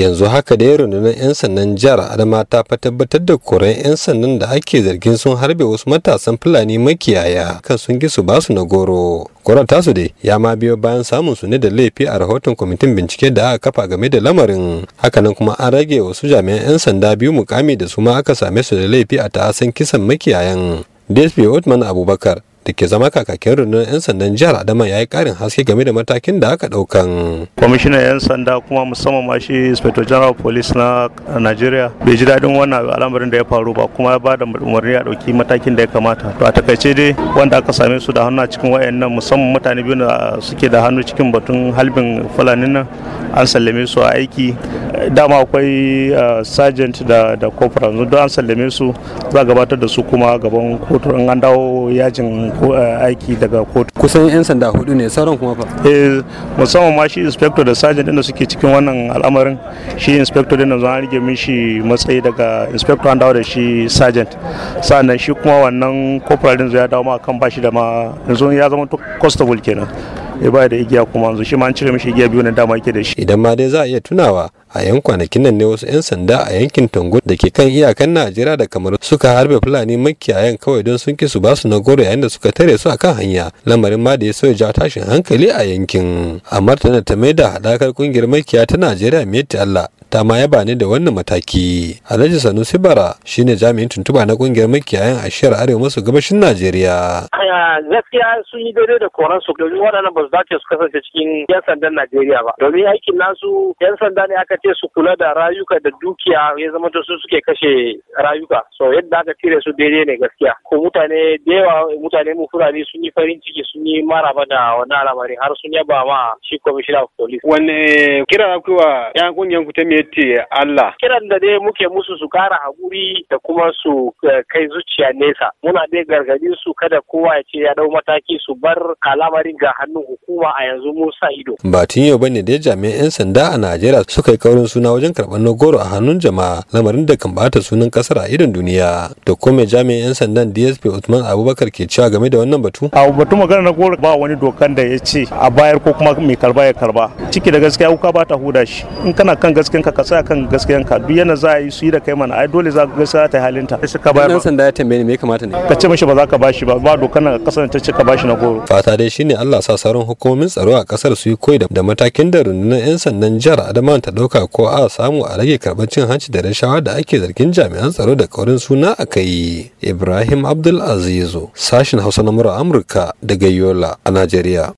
yanzu haka dai rundunar 'yan sannan jihar adama ta fa tabbatar da koren 'yan sannan da ake zargin sun harbe wasu matasan fulani makiyaya kan sun ki su basu na goro koren tasu dai ya ma biyo bayan samun su ne da laifi a rahoton kwamitin bincike da aka kafa game da lamarin hakanan kuma an rage wasu jami'an 'yan sanda biyu mukami da su ma aka same su da laifi a ta'asan kisan makiyayan dsp otman abubakar da ke zama kakakin rundunar 'yan sandan jihar adama ya yi karin haske game da matakin da aka daukan kwamishinan 'yan sanda kuma musamman ma shi inspector general police na nigeria bai ji daɗin wannan al'amarin da ya faru ba kuma ya ba da umarni a ɗauki matakin da ya kamata to a takaice dai wanda aka same su da hannu a cikin wayannan musamman mutane biyu da suke da hannu cikin batun halbin fulanin nan an sallame su a aiki dama akwai sergeant da da corporal don an sallame su za a gabatar da su kuma gaban kotu an dawo yajin Eh, aiki daga kotu kusan yan sanda hudu ne sauran kuma fa eh musamman ma shi inspector da sergeant din da suke cikin wannan al'amarin shi inspector din zan rige mishi matsayi daga inspector an dawo da shi sergeant sannan shi kuma wannan corporal din ya dawo ma kan bashi da ma yanzu ya zama constable kenan ya ba da igiya kuma yanzu shi ma an cire mishi igiya biyu na dama yake da shi idan ma dai za a iya tunawa a yan kwanakin nan ne wasu 'yan sanda a yankin tongo da ke kan iyakan najeriya da kamar suka harbe fulani makiyayan kawai don sun ki su basu na goro yayin da suka tare su a kan hanya lamarin ma da ya sauya ja tashin hankali a yankin a ta mai da haɗakar kungiyar makiya ta najeriya mai allah ta ma yaba ne da wannan mataki alhaji sanusi bara shine jami'in tuntuba na kungiyar makiyayan a shiyar arewa maso gabashin najeriya gaskiya sun yi daidai da koran su domin waɗannan ba su dace su kasance cikin yan sandan najeriya ba domin aikin nasu yan sanda ne aka ce su kula da rayuka da dukiya ya zama su suke kashe rayuka so yadda aka cire su daidai ne gaskiya ko mutane da yawa mutane mu fulani sun yi farin ciki sun yi maraba da wannan al'amari har sun yaba ma shi kwamishina of police wanne kira kuwa yan kungiyar ku ta me Allah. Kiran da dai muke musu su kara haƙuri da kuma su eh, kai zuciya nesa. Muna dai gargadin su kada kowa ya ce ya dau mataki su bar kalamarin ga hannun hukuma a yanzu mun sa ido. Ba tun yau bane dai jami'an 'yan sanda a Najeriya suka yi kaurin suna wajen karɓar nagoro a hannun jama'a lamarin da kan bata sunan kasar a idon duniya. Da kuma jami'an 'yan sandan DSP Usman Abubakar ke cewa game da wannan batu. A batu magana na goro ba wani dokan da ya ce a bayar ko kuma mai karba ya karba. Ciki da gaskiya wuka ba ta huda shi. In kana kan gaskiyan ka ka tsaya kan gaskiyan ka duk yana za a yi su yi da kai mana ai dole za ka gaskiya ta halinta sai ka bayar sanda ya tambaye ni me kamata ne ka ce mishi ba za ka bashi ba ba dokar nan kasar ta ce ka bashi na goro fata dai shine Allah sa sauran hukumomin tsaro a kasar su yi koyi da matakin da rundunar yan sandan jihar Adamawa ta dauka ko a samu a rage karɓar cin hanci da rashawa da ake zargin jami'an tsaro da kaurin suna a kai Ibrahim Abdul Azizu sashin Hausa na Amurka daga Yola a Najeriya